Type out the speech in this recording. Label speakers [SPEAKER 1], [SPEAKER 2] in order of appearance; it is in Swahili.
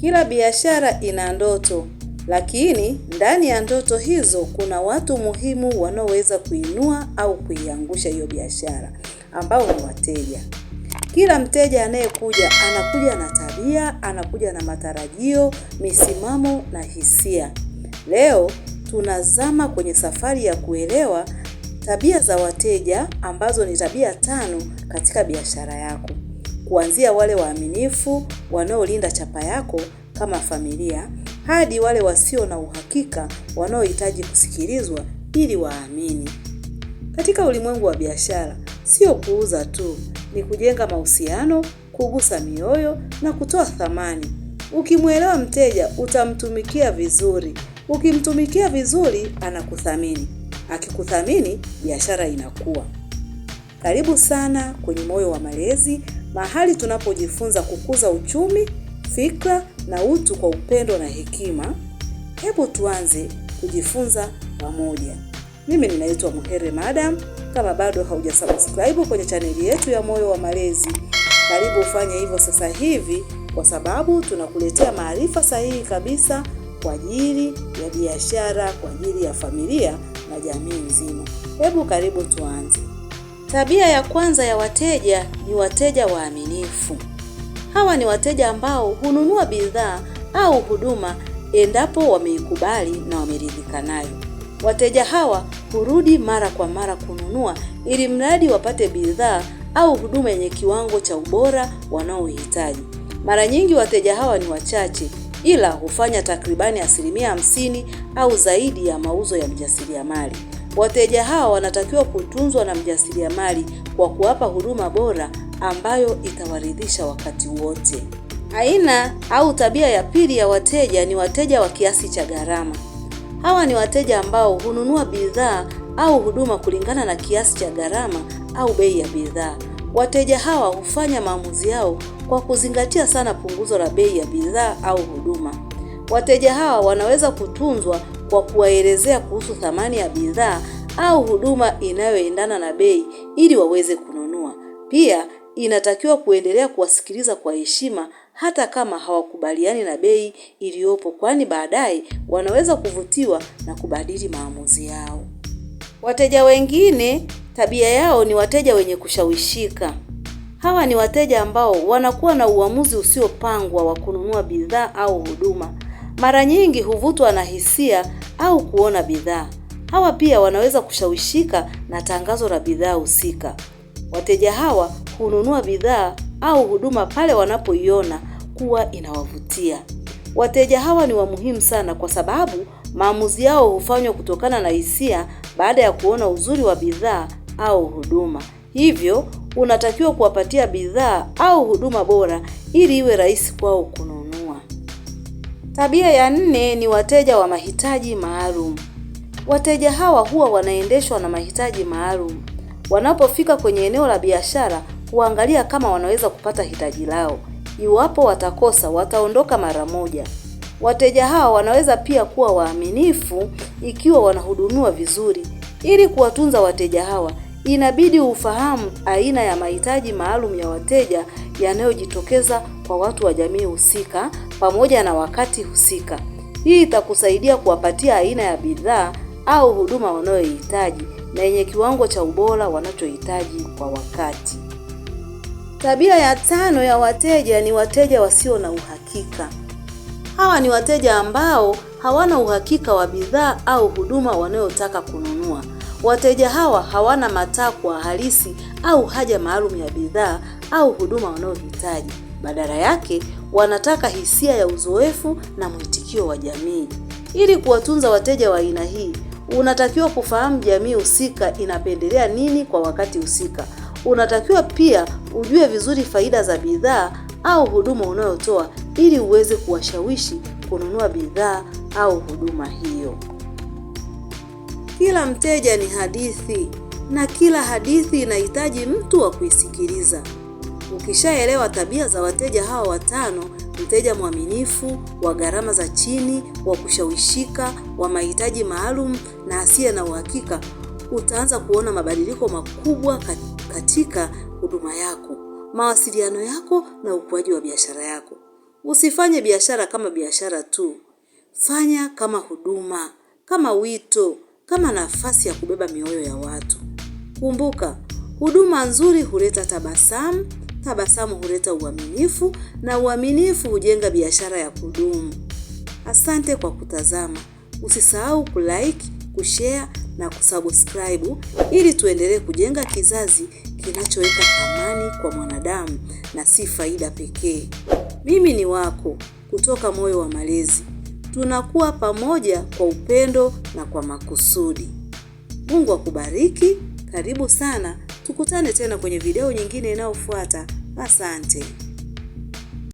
[SPEAKER 1] Kila biashara ina ndoto, lakini ndani ya ndoto hizo kuna watu muhimu wanaoweza kuinua au kuiangusha hiyo biashara ambao ni wateja. Kila mteja anayekuja anakuja na tabia, anakuja na matarajio, misimamo na hisia. Leo tunazama kwenye safari ya kuelewa tabia za wateja ambazo ni tabia tano katika biashara yako kuanzia wale waaminifu wanaolinda chapa yako kama familia hadi wale wasio na uhakika wanaohitaji kusikilizwa ili waamini. Katika ulimwengu wa biashara, sio kuuza tu, ni kujenga mahusiano, kugusa mioyo na kutoa thamani. Ukimwelewa mteja, utamtumikia vizuri. Ukimtumikia vizuri, anakuthamini. Akikuthamini, biashara inakuwa. Karibu sana kwenye Moyo wa Malezi mahali tunapojifunza kukuza uchumi, fikra na utu kwa upendo na hekima. Hebu tuanze kujifunza pamoja. Mimi ninaitwa Muhere Madam. Kama bado haujasubscribe kwenye chaneli yetu ya Moyo wa Malezi, karibu ufanye hivyo sasa hivi, kwa sababu tunakuletea maarifa sahihi kabisa kwa ajili ya biashara, kwa ajili ya familia na jamii nzima. Hebu karibu tuanze. Tabia ya kwanza ya wateja ni wateja waaminifu. Hawa ni wateja ambao hununua bidhaa au huduma endapo wameikubali na wameridhika nayo. Wateja hawa hurudi mara kwa mara kununua ili mradi wapate bidhaa au huduma yenye kiwango cha ubora wanaohitaji. Mara nyingi wateja hawa ni wachache, ila hufanya takribani asilimia hamsini au zaidi ya mauzo ya mjasiriamali. Wateja hawa wanatakiwa kutunzwa na mjasiriamali kwa kuwapa huduma bora ambayo itawaridhisha wakati wote. Aina au tabia ya pili ya wateja ni wateja wa kiasi cha gharama. Hawa ni wateja ambao hununua bidhaa au huduma kulingana na kiasi cha gharama au bei ya bidhaa. Wateja hawa hufanya maamuzi yao kwa kuzingatia sana punguzo la bei ya bidhaa au huduma. Wateja hawa wanaweza kutunzwa kwa kuwaelezea kuhusu thamani ya bidhaa au huduma inayoendana na bei ili waweze kununua. Pia inatakiwa kuendelea kuwasikiliza kwa heshima hata kama hawakubaliani na bei iliyopo, kwani baadaye wanaweza kuvutiwa na kubadili maamuzi yao. Wateja wengine tabia yao ni wateja wenye kushawishika. Hawa ni wateja ambao wanakuwa na uamuzi usiopangwa wa kununua bidhaa au huduma mara nyingi huvutwa na hisia au kuona bidhaa. Hawa pia wanaweza kushawishika na tangazo la bidhaa husika. Wateja hawa hununua bidhaa au huduma pale wanapoiona kuwa inawavutia. Wateja hawa ni wamuhimu sana kwa sababu maamuzi yao hufanywa kutokana na hisia baada ya kuona uzuri wa bidhaa au huduma. Hivyo unatakiwa kuwapatia bidhaa au huduma bora ili iwe rahisi kwao kununua. Tabia ya nne ni wateja wa mahitaji maalum. Wateja hawa huwa wanaendeshwa na mahitaji maalum. Wanapofika kwenye eneo la biashara, huangalia kama wanaweza kupata hitaji lao. Iwapo watakosa, wataondoka mara moja. Wateja hawa wanaweza pia kuwa waaminifu ikiwa wanahudumiwa vizuri. Ili kuwatunza wateja hawa, inabidi ufahamu aina ya mahitaji maalum ya wateja yanayojitokeza kwa watu wa jamii husika pamoja na wakati husika. Hii itakusaidia kuwapatia aina ya bidhaa au huduma wanayohitaji na yenye kiwango cha ubora wanachohitaji kwa wakati. Tabia ya tano ya wateja ni wateja wasio na uhakika. Hawa ni wateja ambao hawana uhakika wa bidhaa au huduma wanayotaka kununua. Wateja hawa hawana matakwa halisi au haja maalum ya bidhaa au huduma wanayohitaji. Badala yake wanataka hisia ya uzoefu na mwitikio wa jamii. Ili kuwatunza wateja wa aina hii, unatakiwa kufahamu jamii husika inapendelea nini kwa wakati husika. Unatakiwa pia ujue vizuri faida za bidhaa au huduma unayotoa ili uweze kuwashawishi kununua bidhaa au huduma hiyo. Kila mteja ni hadithi na kila hadithi inahitaji mtu wa kuisikiliza. Ukishaelewa tabia za wateja hawa watano, mteja mwaminifu, wa gharama za chini, wa kushawishika, wa mahitaji maalum na asiye na uhakika, utaanza kuona mabadiliko makubwa katika huduma yako, mawasiliano yako na ukuaji wa biashara yako. Usifanye biashara kama biashara tu, fanya kama huduma, kama wito, kama nafasi ya kubeba mioyo ya watu. Kumbuka, huduma nzuri huleta tabasamu, Tabasamu huleta uaminifu na uaminifu hujenga biashara ya kudumu. Asante kwa kutazama. Usisahau kulike, kushare na kusubscribe ili tuendelee kujenga kizazi kinachoweka amani kwa mwanadamu na si faida pekee. Mimi ni wako kutoka Moyo wa Malezi. Tunakuwa pamoja kwa upendo na kwa makusudi. Mungu akubariki. Karibu sana, tukutane tena kwenye video nyingine inayofuata. Asante.